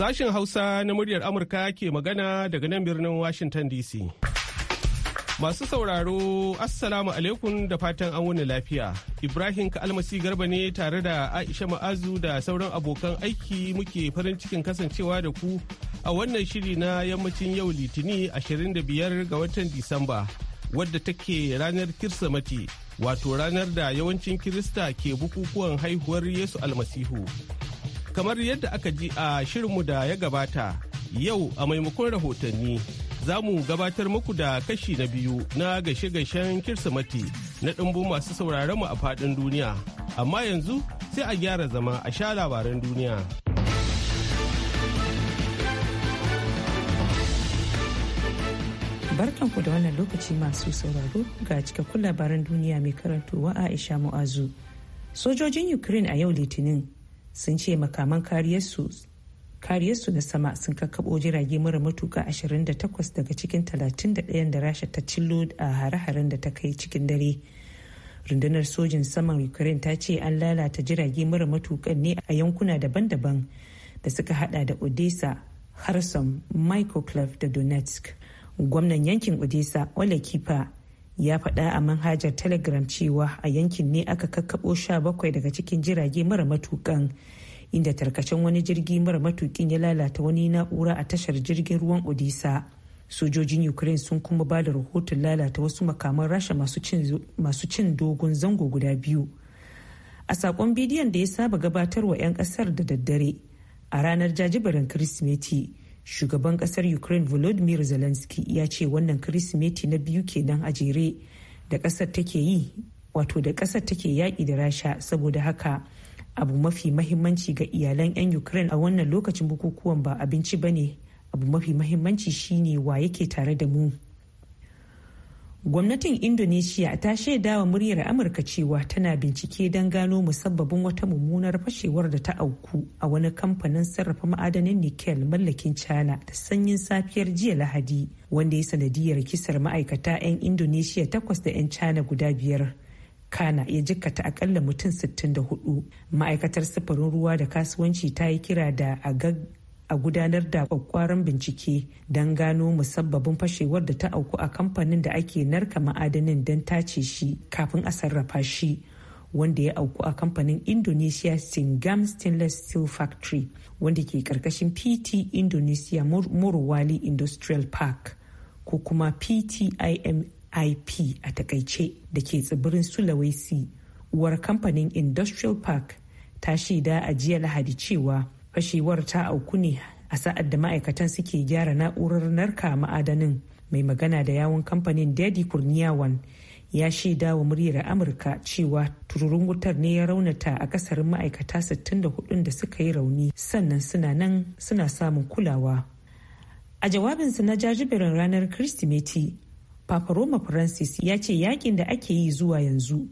Sashen Hausa na muryar Amurka ke magana daga nan birnin Washington DC. Masu sauraro, Assalamu alaikum da fatan an wuni lafiya. Ibrahim Ka'almasi Garba ne tare da Aisha Ma'azu da sauran abokan aiki muke farin cikin kasancewa da ku a wannan shiri na yammacin yau Litini 25 ga watan Disamba, wadda take ranar Kirsimeti, wato ranar da yawancin Kirista ke bukukuwan haihuwar Yesu Almasihu. kamar yadda aka ji a shirinmu da ya gabata yau a maimakon rahotanni za mu gabatar muku da kashi na biyu na gaishe-gaishen kirsimati na ɗumbu masu sauraron mu a faɗin duniya amma yanzu sai a gyara zama a sha labaran duniya barkanku da wannan lokaci masu sauraro ga cikakkun labaran duniya mai karantowa aisha mu'azu sojojin ukraine a yau litinin sun ce makaman kariyarsu na sama sun kakkabo jirage mara matuka 28 daga cikin 31 da rasha ta cillo a hare-haren da ta kai cikin dare rundunar sojin saman ukraine ta ce an lalata jirage mara matukan ne a yankuna daban-daban da suka hada da odessa harsom microclef da donetsk gwamnan yankin odessa ole kipa ya faɗa a manhajar telegram cewa a yankin ne aka kakkaɓo sha bakwai daga cikin jirage mara matukan inda tarkacen wani jirgi mara matukin ya lalata wani na'ura a tashar jirgin ruwan odisa sojojin ukraine sun kuma ba da rahoton lalata wasu makaman rasha masu cin dogon zango guda biyu a saƙon bidiyon da ya saba gabatarwa 'yan ƙasar da daddare a ranar jajibarin kirsimeti shugaban kasar ukraine volodymyr zelensky ya ce wannan kirsimeti na biyu kenan a jere da kasar take yi wato da kasar take yaƙi da rasha saboda haka abu mafi mahimmanci ga iyalan 'yan ukraine a wannan lokacin bukukuwan ba abinci ba ne abu mafi mahimmanci shine wa yake tare da mu gwamnatin indonesiya ta shaida wa muryar amurka cewa tana bincike don gano musabbabin wata mummunar fashewar da ta auku a wani kamfanin sarrafa ma'adanin nickel mallakin china da sanyin safiyar jiya lahadi wanda ya sanadiyar kisar ma'aikata 'yan indonesiya takwas da 'yan china guda biyar kana ya jikkata akalla mutum 64 ma'aikatar sufurin ruwa da kasuwanci ta yi kira da a a gudanar da kwakwaran bincike don gano musabbabin fashewar da ta auku a kamfanin da ake narka ma'adanin don tace shi kafin a sarrafa shi wanda ya auku a kamfanin indonesia singam stainless steel factory wanda ke karkashin pt indonesia morowali industrial park ko kuma ptimip a takaice da ke tsibirin sulawesi uwar kamfanin industrial park ta shaida a jiya lahadi cewa fashewar ta auku ne a sa'ad da ma'aikatan suke gyara na'urar narka ma'adanin mai magana da yawon kamfanin daddy kurniyawan ya shaida wa muryar amurka cewa tururin wutar ne ya raunata a kasarin ma'aikata 64 da suka yi rauni sannan suna nan suna samun kulawa a jawabinsa na jajiberin ranar kirsimeti papa francis ya ce yakin da ake yi zuwa yanzu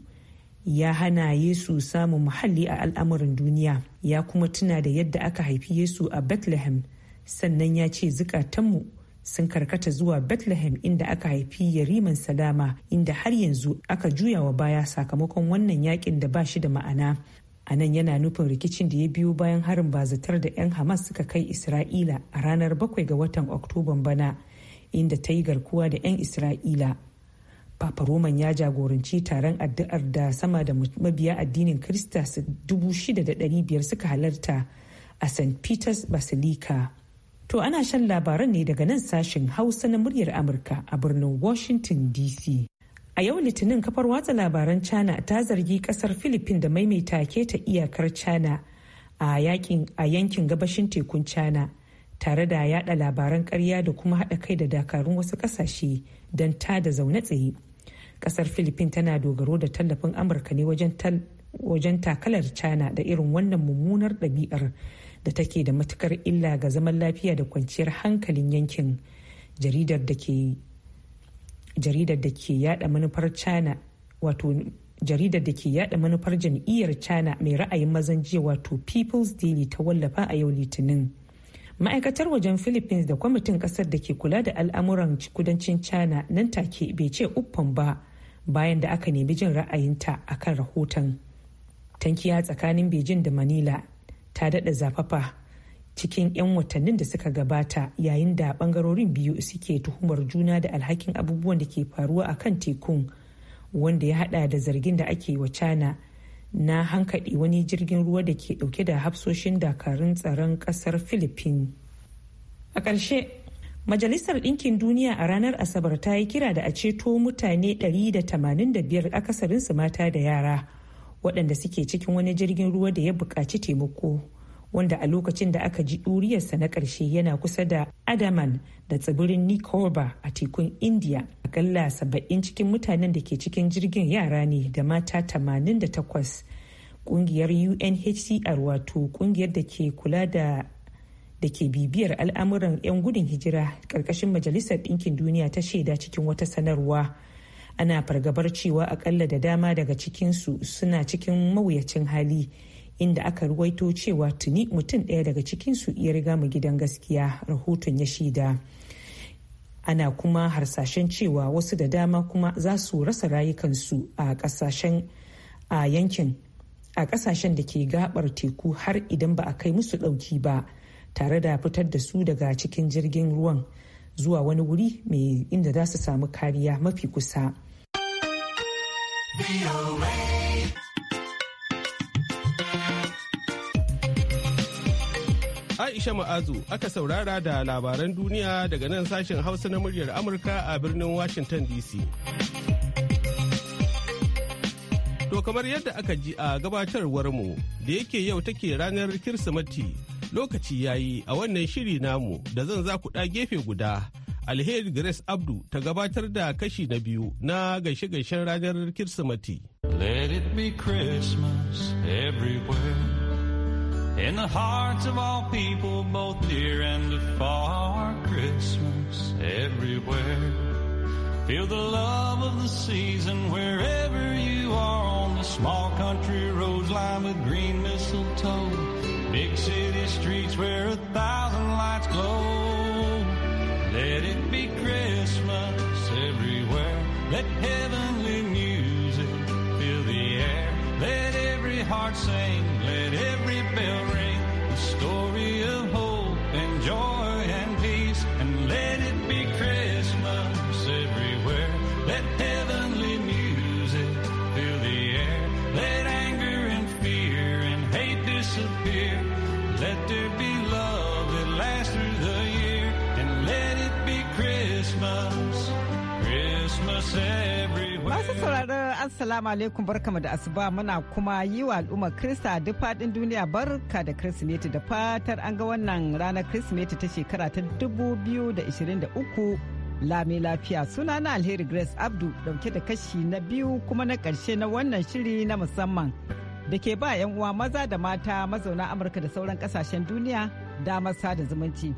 ya hana Yesu samun muhalli a al'amuran duniya ya kuma tuna da yadda aka haifi Yesu a Bethlehem sannan ya ce zukatanmu sun karkata zuwa Bethlehem inda aka haifi yariman salama inda har yanzu aka juya wa baya sakamakon wannan yakin da ba shi da ma'ana a nan yana nufin rikicin da ya biyo bayan harin bazatar da 'yan hamas suka kai isra'ila a ranar bakwai ga watan oktoban bana inda ta yi garkuwa da 'yan isra'ila Papa Roman ya jagoranci taron addu'ar da sama da mabiya addinin Krista su dubu shida da ɗari biyar suka halarta a St. Peter's Basilica. To ana shan labaran ne daga nan sashen Hausa na muryar Amurka a birnin Washington DC. A yau Litinin kafar watsa labaran China ta zargi kasar Philippines da maimaita ta iyakar China a yankin gabashin tekun China. tare da yada labaran karya da kuma haɗa kai da dakarun wasu ƙasashe don ta da zaune tsaye. kasar philippines tana dogaro da tallafin amurka ne wajen takalar china da irin wannan mummunar ɗabi'ar da take da matukar illa ga zaman lafiya da kwanciyar hankalin yankin jaridar da ke jaridar yada manufar china wato jaridar da ke yada manufar jam'iyyar china mai ra'ayin mazan jiya wato people's daily ta wallafa a yau litinin ma'aikatar wajen philippines da kwamitin kasar da ke kula da al'amuran kudancin china nan take bai ce uffan ba bayan da aka nemi jin ra'ayinta a kan rahoton tankiya tsakanin beijing da manila ta daɗa zafafa cikin 'yan watannin da suka gabata yayin da ɓangarorin biyu suke tuhumar juna da alhakin abubuwan da ke faruwa a kan tekun wanda ya haɗa da zargin da ake wa china na hankali wani jirgin ruwa da ke ɗauke da hafsoshin dakarun tsaron ƙasar philippines a ƙarshe Majalisar Ɗinkin Duniya a ranar Asabar ta yi kira da a ceto mutane 185 akasarinsu mata da yara waɗanda suke cikin wani jirgin ruwa da ya buƙaci taimako wanda a lokacin da aka ji ɗuriyarsa na ƙarshe yana kusa da Adaman da tsibirin Nicobar a tekun India. Akalla saba'in cikin mutanen da ke cikin jirgin yara ne da mata 88. Ƙungiyar UNHCR wato ƙungiyar da ke kula da da ke bibiyar al'amuran 'yan gudun hijira ƙarƙashin majalisar ɗinkin duniya ta shaida cikin wata sanarwa ana fargabar cewa akalla da dama daga cikinsu suna cikin mawuyacin hali inda aka ruwaito cewa tuni mutum ɗaya daga cikinsu ya riga mu gidan gaskiya rahoton ya shaida ana kuma harsashen cewa wasu da dama kuma za su rasa rayukansu a ƙasashen a yankin a ƙasashen da ke gabar teku har idan ba a kai musu ɗauki ba tare da fitar da su daga cikin jirgin ruwan zuwa wani wuri mai inda za su samu kariya mafi kusa. Aisha Ma'azu aka saurara da labaran duniya daga nan sashen Hausa na muryar Amurka a birnin Washington DC. To kamar yadda aka ji a gabatarwar mu da yake yau take ranar Kirsimeti. lokaci yayi a wannan shiri namu da zan za ku ɗa gefe guda alheri grace abdu ta gabatar da kashi na biyu na gaishe-gaishen ranar kirsimati let it be christmas everywhere in the hearts of all people both near and far christmas everywhere feel the love of the season wherever you are on the small country roads lined with green mistletoe Big city streets where a thousand lights glow. Let it be Christmas everywhere. Let heavenly music fill the air. Let every heart sing. Assalamu alaikum barkamu da asuba muna kuma yi wa al'ummar Krista duk fadin duniya barka da Kirsimeti da fatar an ga wannan ranar Kirsimeti ta shekara ta 2023 lami lafiya suna na alheri grace abdu dauke da kashi na biyu kuma na karshe na wannan shiri na musamman da ke ba 'yan uwa maza da mata mazauna amurka da sauran kasashen duniya damar sada zumunci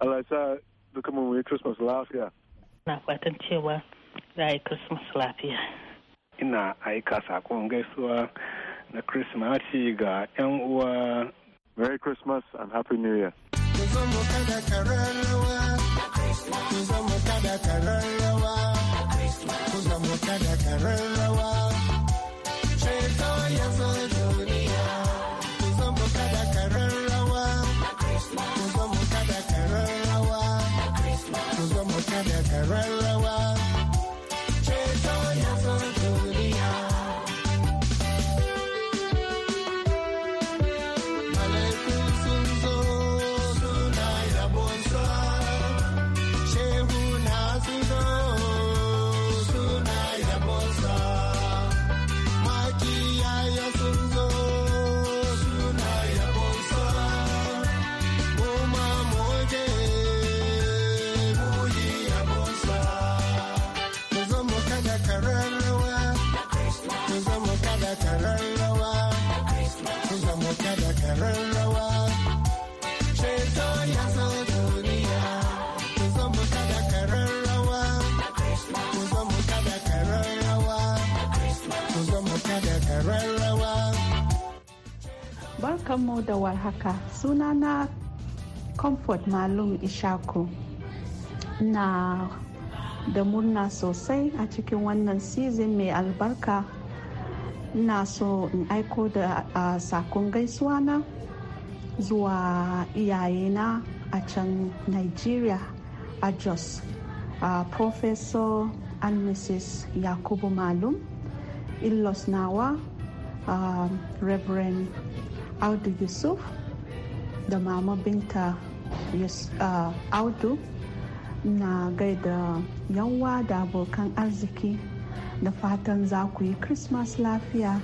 allah sa duka mu yi christmas lafiya na fatan cewa za a yi christmas lafiya ina aika sakon gaisuwa na Kirsimati ga 'yan uwa. Merry Christmas and Happy New Year. Right, right. da warhaka sunana comfort malum ishaku na da murna sosai a cikin wannan season mai albarka na so in aiko da a sakon gaisuwa na zuwa iyayena a can nigeria a jos a professor and mrs yakubu malum illos nawa a reverend audu yusuf da mama binta uh, audu na gaida yanwa da abokan arziki da fatan za ku yi christmas lafiya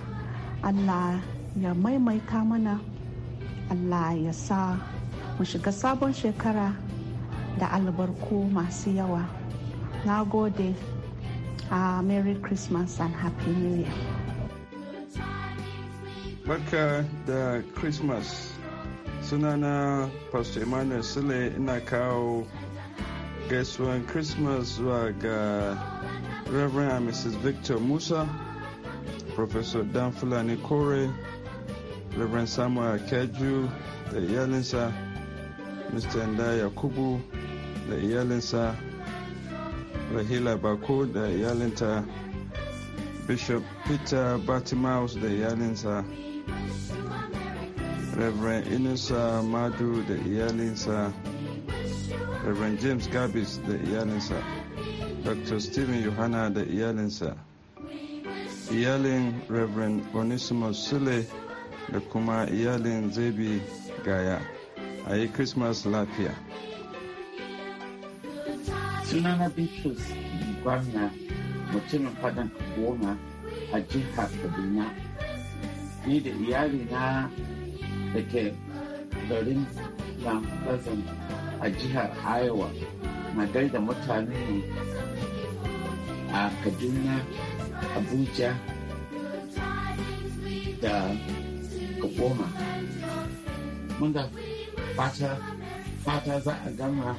allah ya maimaita mana allah ya sa mu shiga sabon shekara da albarku masu yawa na gode a ah, merry christmas and happy new year Barka da Christmas. Sunana Pastor Emmanuel Sule ina kawo gaisuwan Christmas zuwa ga Reverend and Mrs. Victor Musa, Professor Dan Fulani Kore, Reverend Samuel Keju da iyalinsa, Mr. Nda Yakubu da iyalinsa, Rahila Bako da iyalinta, Bishop Peter Batimaus da iyalinsa. Reverend Inusa Madu the da iyalinsa, Reverend James Gabis da iyalinsa, Dr. Stephen Johanna the da iyalinsa, iyalin Reverend Onisimo Sule the kuma iyalin Zebi Gaya. A yi Christmas lafiya. Sunana Bitrus Gwamna mutumin fadan goma a jihar Kaduna ni da iyalina da ke garin Mount a jihar Iowa na gaida mutane a Kaduna, Abuja da Goma. Muna fata fata za a gama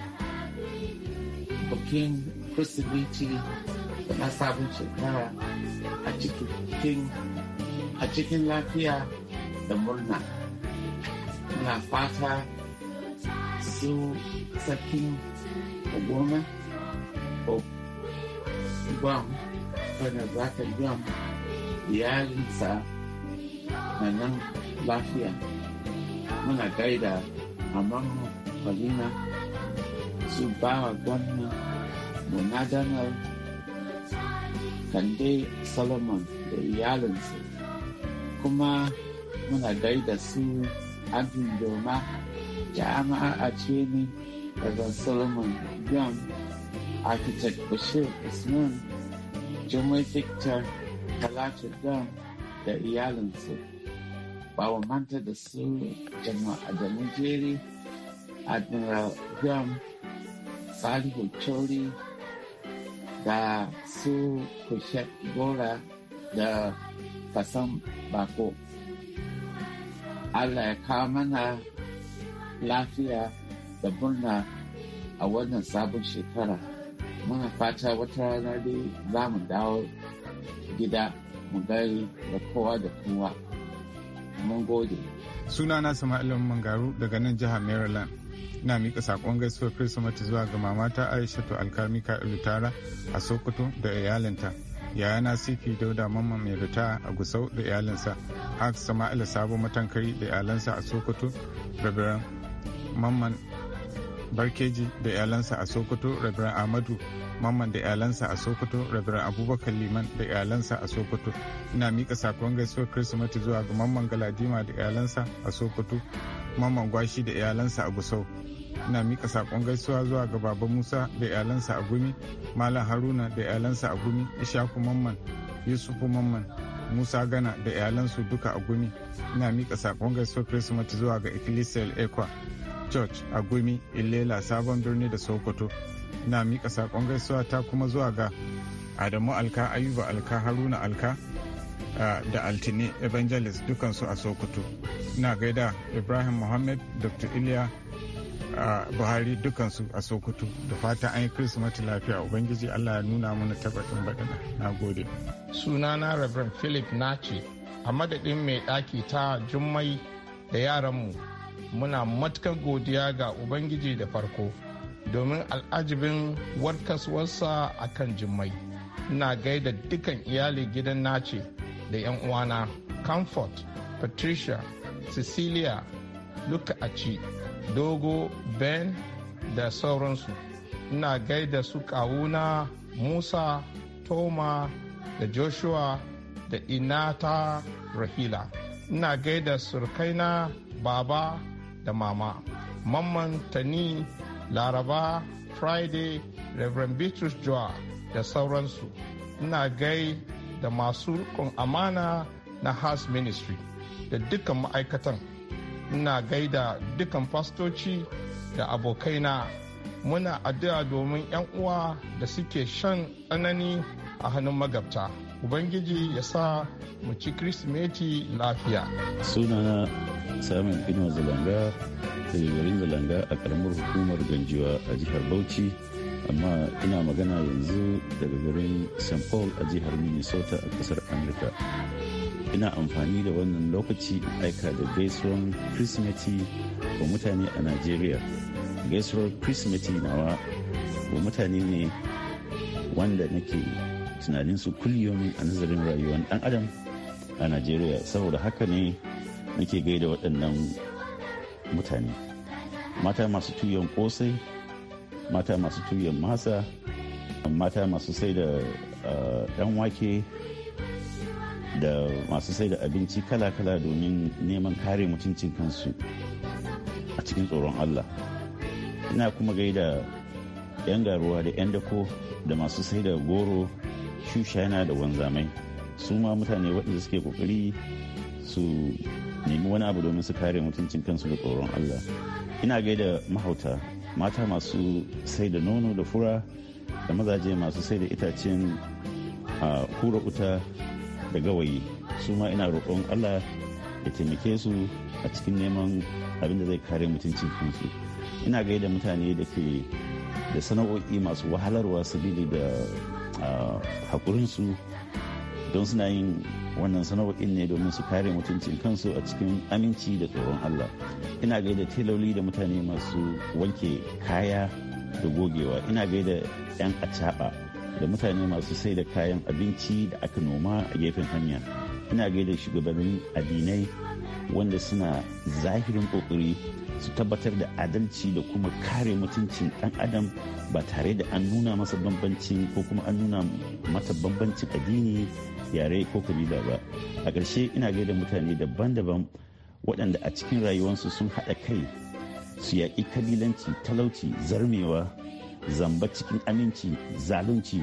bukin Kirsimeti da na sabon shekara a cikin a cikin lafiya da murna na fata su sakin goma gwam wadda za ka biyan iyalinsa na nan lafiya muna gaida amma Marina su bawa gwamna monadanar Kande Solomon da iyalinsa kuma muna gaida su abin doma jama'a ce ne daga solomon john architect bashir usman jimai victor talatu don da iyalinsu ba wa manta da su jama'a da jeri admiral john salihu chori da su kushe gora da kasan bako allah ya kawo mana lafiya da murna a wannan sabon shekara muna fata wata rana dai za mu dawo gida mu gari da kowa da kowa mun gode sunana sama'ilin mangaru daga nan jihar maryland ina miƙa sakon gaisuwar kirsimati zuwa ga mamata aishatu alkami ka'ilu a sokoto da iyalinta yayana sifi dauda mamman mai rita a gusau da iyalinsa haka sama'ila sabo matankari da iyalansa a sokoto rabiran mamman barkeji da iyalansa a sokoto rabiran amadu mamman da iyalansa a sokoto rabiran abubakar liman da iyalansa a sokoto ina mika sakon gaisuwar kirsimeti zuwa ga mamman galadima da iyalansa a sokoto mamman gwashi da iyalansa a gusau ina mika sakon gaisuwa zuwa ga baba musa da iyalansa a gumi malam haruna da iyalansa a gumi ishaku mamman yusufu mamman musa gana da iyalansu duka a gumi ina mika sakon gaisuwa christmas zuwa ga ecclesial equa church a gumi ilela sabon birni da sokoto ina mika sakon gaisuwa ta kuma zuwa ga adamu alka ayuba alka haruna alka da altine evangelist dukansu a sokoto na gaida ibrahim mohammed dr iliya a buhari dukansu a sokoto da fata an yi kirsimati lafiya ubangiji allah ya nuna mana tabbatin baɗina na gode sunana rabin philip ce a madadin mai ɗaki ta jummai da yaranmu muna matukar godiya ga ubangiji da farko domin al'ajibin warkaswarsa a kan jummai ina gaida dukan iyali gidan nace da 'yan uwana comfort patricia cecilia luka aci dogo ben da sauransu ina gaida su kawuna musa toma da joshua da inata rahila ina gaida surkaina baba da mama mamman tani laraba friday reverend bitrus joa da sauransu ina gai da masu rukun amana na house ministry da dukkan ma'aikatan ina gaida dukan fastoci da abokaina muna addu'a domin 'yan uwa da suke shan tsanani a hannun magabta ubangiji ya sa mu ci kirsimeti lafiya sunana samun fino zalanga garin zalanga a karamar hukumar ganjiwa a jihar bauchi amma ina magana yanzu daga garin st paul a jihar minnesota a kasar amurka ina amfani da wannan lokaci aika da gaisuwan kirsimeti wa mutane a najeriya gaisuwar kirsimeti nawa wa mutane ne wanda nake tunanin su kulliyomin a nazarin rayuwar dan adam a najeriya saboda haka ne nake gaida waɗannan mutane mata masu tuyon kosai mata masu tuyon masa mata masu sai da uh, ah, wake da masu sai da abinci kala-kala domin neman kare mutuncin kansu a cikin tsoron Allah. Ina kuma gaida 'yan garuwa da 'yan dako da masu sai da goro shushana da wanzamai su ma mutane waɗanda suke kokari su nemi wani abu domin su kare mutuncin kansu da tsoron Allah. Ina gaida mahauta mata masu sai da nono da fura da mazaje masu sai da itacen ah, hura wuta da gawayi su ma ina roƙon allah ya taimake su a cikin neman abin da zai kare mutuncin kansu ina gaida mutane da ke da sana'o'i masu wahalarwa sabili da su don suna yin wannan sana'o'in ne domin su kare mutuncin kansu a cikin aminci da tsoron allah ina gaida teloli da mutane masu wanke kaya da gogewa ina gaida 'yan acaɓa da mutane masu sai da kayan abinci da aka noma a gefen hanya ina gaida shugabannin addinai wanda suna zahirin kokari su tabbatar da adalci da kuma kare mutuncin dan adam ba tare da an nuna masa bambanci ko kuma an nuna mata bambancin addini yare ko kabila ba a ƙarshe ina gaida mutane daban-daban waɗanda a cikin rayuwarsu sun haɗa kai su yaƙi kabilanci talauci zarmewa zamba cikin aminci zalunci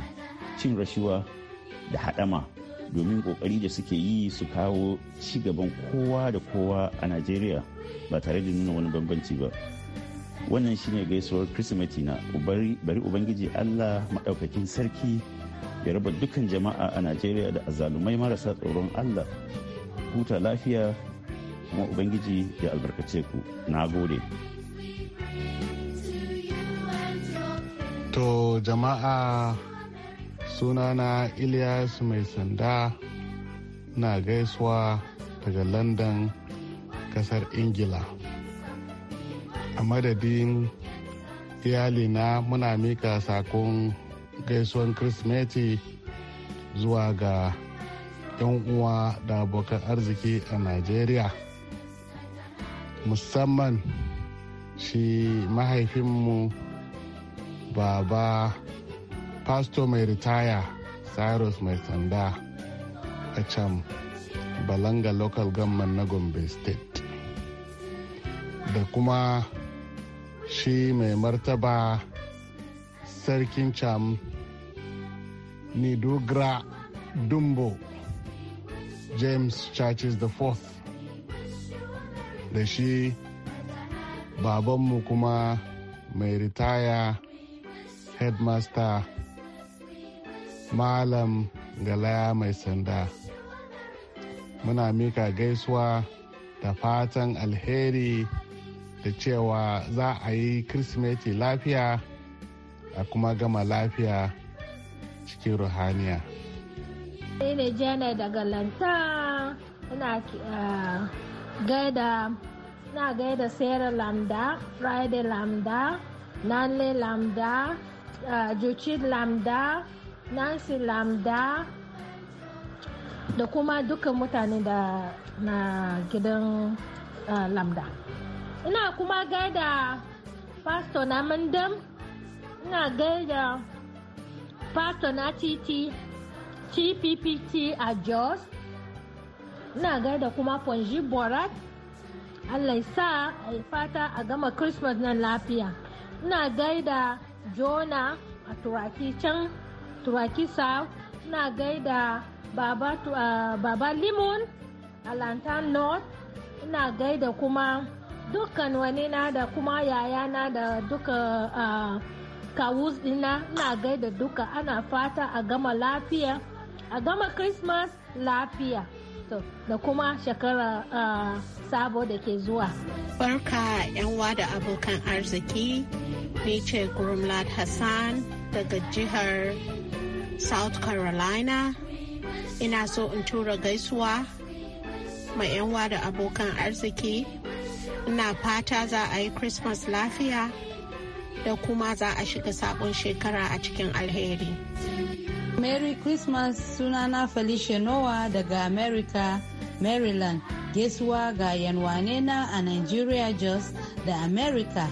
cin rashuwa da haɗama domin ƙoƙari da suke yi su kawo ci gaban kowa da kowa a najeriya ba tare da nuna wani bambanci ba wannan shine gaisuwar kirsimeti na bari ubangiji allah maɗaukakin sarki ya raba dukkan jama'a a najeriya da azalumai marasa tsoron allah huta lafiya kuma ubangiji ya albarkace ku na gode To jama'a sunana Ilyas mai sanda na gaisuwa daga London kasar Ingila. A madadin iyalina muna mika sakon gaisuwan Kirsimeti zuwa ga 'yan uwa da abokan arziki a Najeriya. Musamman shi mahaifinmu baba pastor mai ritaya cyrus mai sanda a can balanga local government na gombe state da kuma shi mai martaba sarkin cam nidogra dumbo james churches the fourth da shi babanmu kuma mai ritaya headmaster malam galaya mai sanda muna mika gaisuwa da fatan alheri da cewa za a yi kirsimeti lafiya a kuma gama lafiya cikin ruhaniya ne jana daga lanta ina ah, gaida na gaida sarah lambda friday lambda nanle lambda uh, Lamda, Nancy Lamda da kuma dukkan mutane da na gidan Lamda. Ina kuma gaida Pastor na Mandam, ina gaida Pastor na Titi, TPPT a Jos, ina gaida kuma Ponji Borat. Allah ya sa a fata a gama Christmas nan lafiya. Ina gaida jona a turaki can turaki sa ina gaida baba, uh, limon a lantan north ina gaida kuma dukkan wani na da kuma yayana da duka kawus dina ina gaida duka ana fata a gama lafiya a gama christmas lafiya to da kuma shekara sabo da ke zuwa barka yan da abokan arziki Ni ce Gurumlad Hassan daga jihar South Carolina. Ina so in tura gaisuwa mai 'yanwa da abokan arziki. Ina fata za a yi Christmas lafiya da kuma za a shiga sabon shekara a cikin alheri. Merry Christmas sunana Felicia Noah daga America, Maryland. Gaisuwa ga yanwane na a Nigeria Jos da America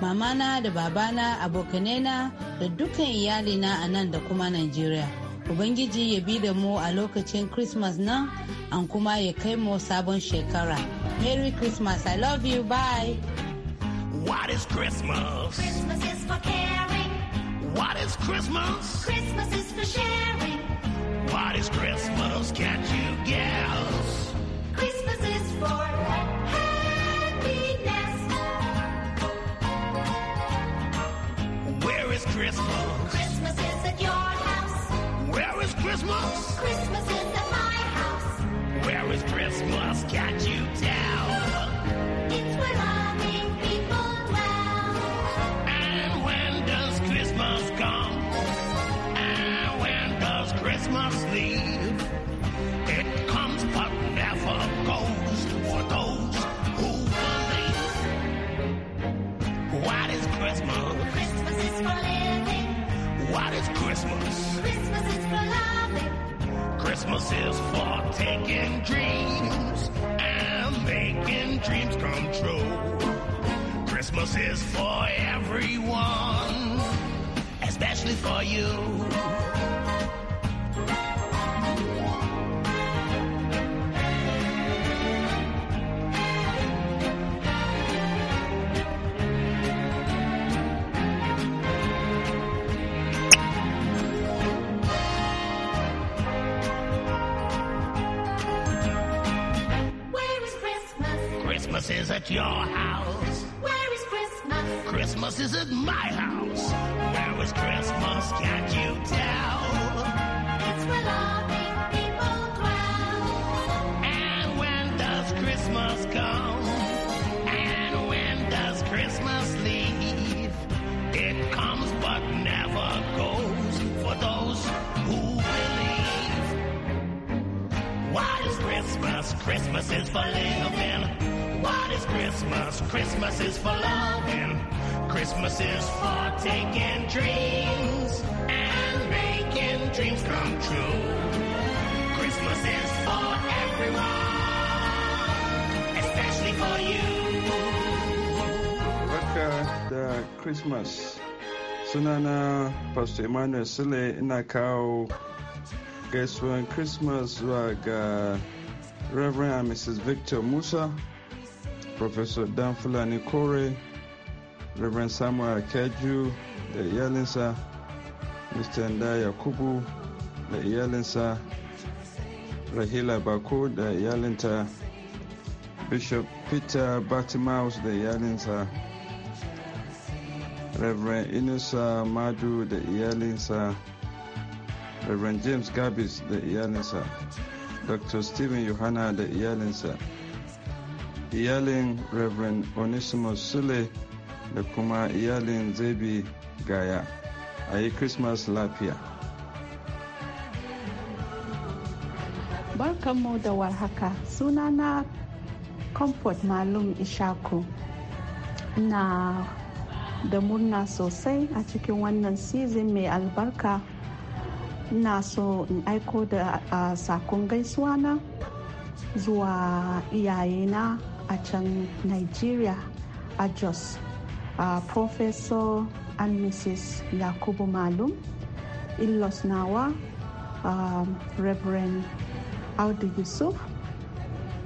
mamana da babana abokanena da dukkan iyalina a nan da kuma Najeriya. Ubangiji ya bi da mu a lokacin Christmas nan an kuma ya kai mu sabon shekara. Merry Christmas, I love you, bye! What is Christmas? Christmas is for caring. What is Christmas? Christmas is for sharing. What is Christmas? Can't you guess? Christmas. Christmas is at your house. Where is Christmas? Christmas is Christmas is at your house. Where is Christmas? Christmas is at my house. Where is Christmas? Can't you tell? It's where loving people dwell. And when does Christmas come? And when does Christmas leave? It comes but never goes for those who believe. Christmas, Christmas is for living. What is Christmas. Christmas is for loving. Christmas is for taking dreams and making dreams come true. Christmas is for everyone, especially for you. Welcome to Christmas. Sunana Pastor Emmanuel Sule ina kawo Christmas like ga Reverend and Mrs. Victor Musa Professor Danfulani Fulani Kore, Reverend Samuel Akeju the iyalinsa, Mr. Nda Kubu, da Rahila Bako the iyalinta, Bishop Peter Batimaus the iyalinsa, Reverend Inusa Madu the iyalinsa, Reverend James Gabis the iyalinsa, Dr. Stephen Yohana the iyalinsa. iyalin reverend onesimus sule da kuma iyalin zabi gaya a yi christmas lafiya barkanmu da warhaka suna na comfort malum ishaku na da murna sosai a cikin wannan season mai albarka na so in aiko da sakon gaisuwa na zuwa iyayena a can nigeria a jos a professor and mrs yakubu malum ilos nawa uh, reverend audu yusuf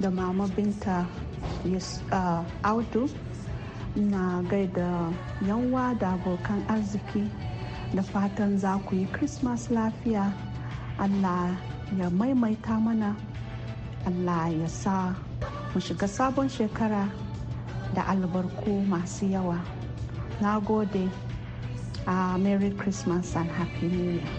da mama binta yes, uh, audu na gaida yanwa da abokan arziki da fatan za ku yi christmas lafiya allah ya maimaita mana allah ya sa mu shiga sabon shekara da albarku masu yawa na gode a ah, merry christmas and happy new year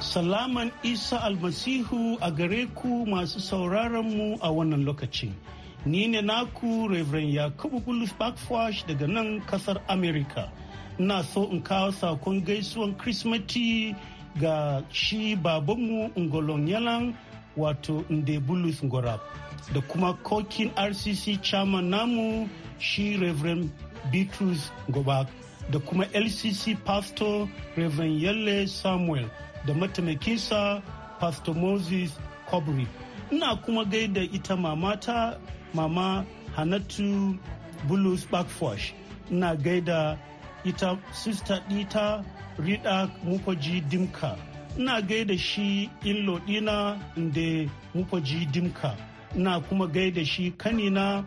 salaman isa almasihu a gare ku masu sauraron mu a wannan lokaci ni ne naku reverend yakubu bulus backwash daga nan kasar america na so in kawo sakon gaisuwan christmas ga shi babanmu ngolon yalan wato Bulus ngorab da kuma kokin rcc chairman namu shi reverend bitrus gobak da kuma lcc pastor reverend yalle samuel da mataimakinsa pastor moses kobri ina kuma gaida ita mamata mama hanatu bulus Bakfosh ina gaida ita sista dita rida mukoji dimka ina gaida shi illo ɗina da mufaji dimka ina kuma gaida shi kanina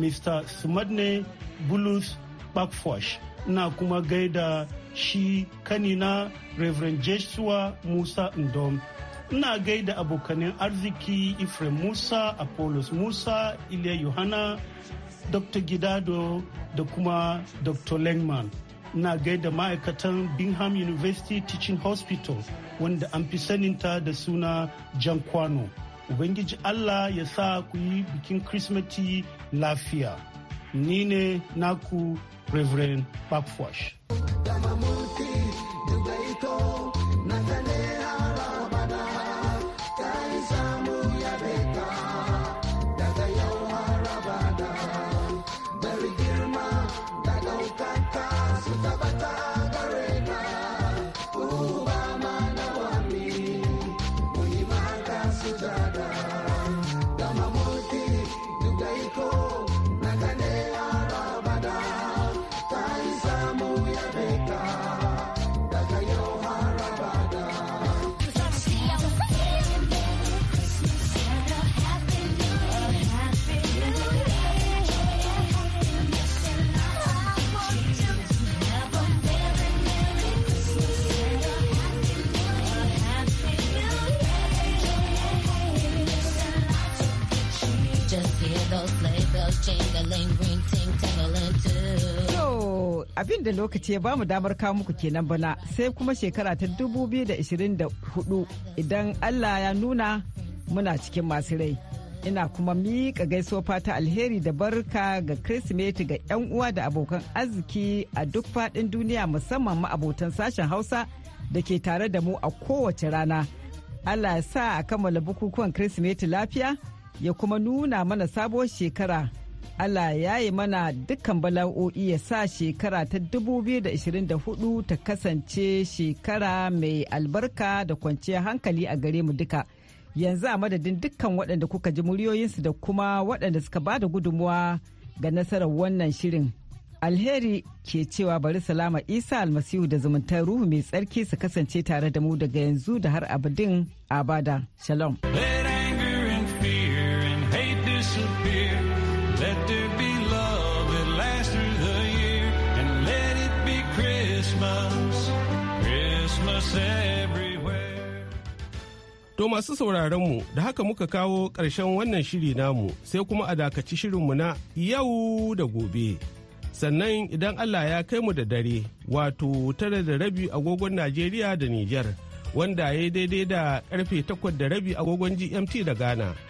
mr smadne bulus backfosh ina kuma gaida shi kanina reverend joshua musa ndom ina gaida abokanin arziki ifrem musa apollos musa ilia yohana dr gidado da kuma dr lengman na gaida ma'aikatan bingham university teaching hospital wanda an fi saninta da suna jan kwano ubangiji allah ya sa ku yi bikin krismeti lafiya ni ne naku reverend backwash da lokaci ya bamu damar kawo muku kenan bana sai kuma shekara ta 2024 idan Allah ya nuna muna cikin masu rai. Ina kuma miƙa gaisuwa fata alheri da barka ga Kirsimeti ga 'yan uwa da abokan arziki a duk faɗin duniya musamman ma'abotan sashen Hausa da ke tare da mu a kowace rana. Allah ya sa a kammala bukukuwan Kirsimeti lafiya ya kuma nuna mana sabuwar shekara. Allah ya yi mana dukkan bala'o'i ya sa shekara ta 2024 ta kasance shekara mai albarka da kwanciyar hankali a gare mu duka. Yanzu a madadin dukkan waɗanda kuka ji muryoyinsu da kuma waɗanda suka ba da gudunmuwa ga nasarar wannan shirin. Alheri ke cewa bari salama Isa almasihu da zumuntar ruhu mai tsarki su kasance tare da mu daga yanzu da har abadin abada. Shalom. Hey! To masu mu da haka muka kawo ƙarshen wannan shiri namu sai kuma a dakaci shirinmu na yau da gobe. Sannan idan Allah ya kai mu da dare wato tara da rabi agogon Najeriya da Nijar wanda ya daidai da karfe takwas da rabi agogon GMT da Ghana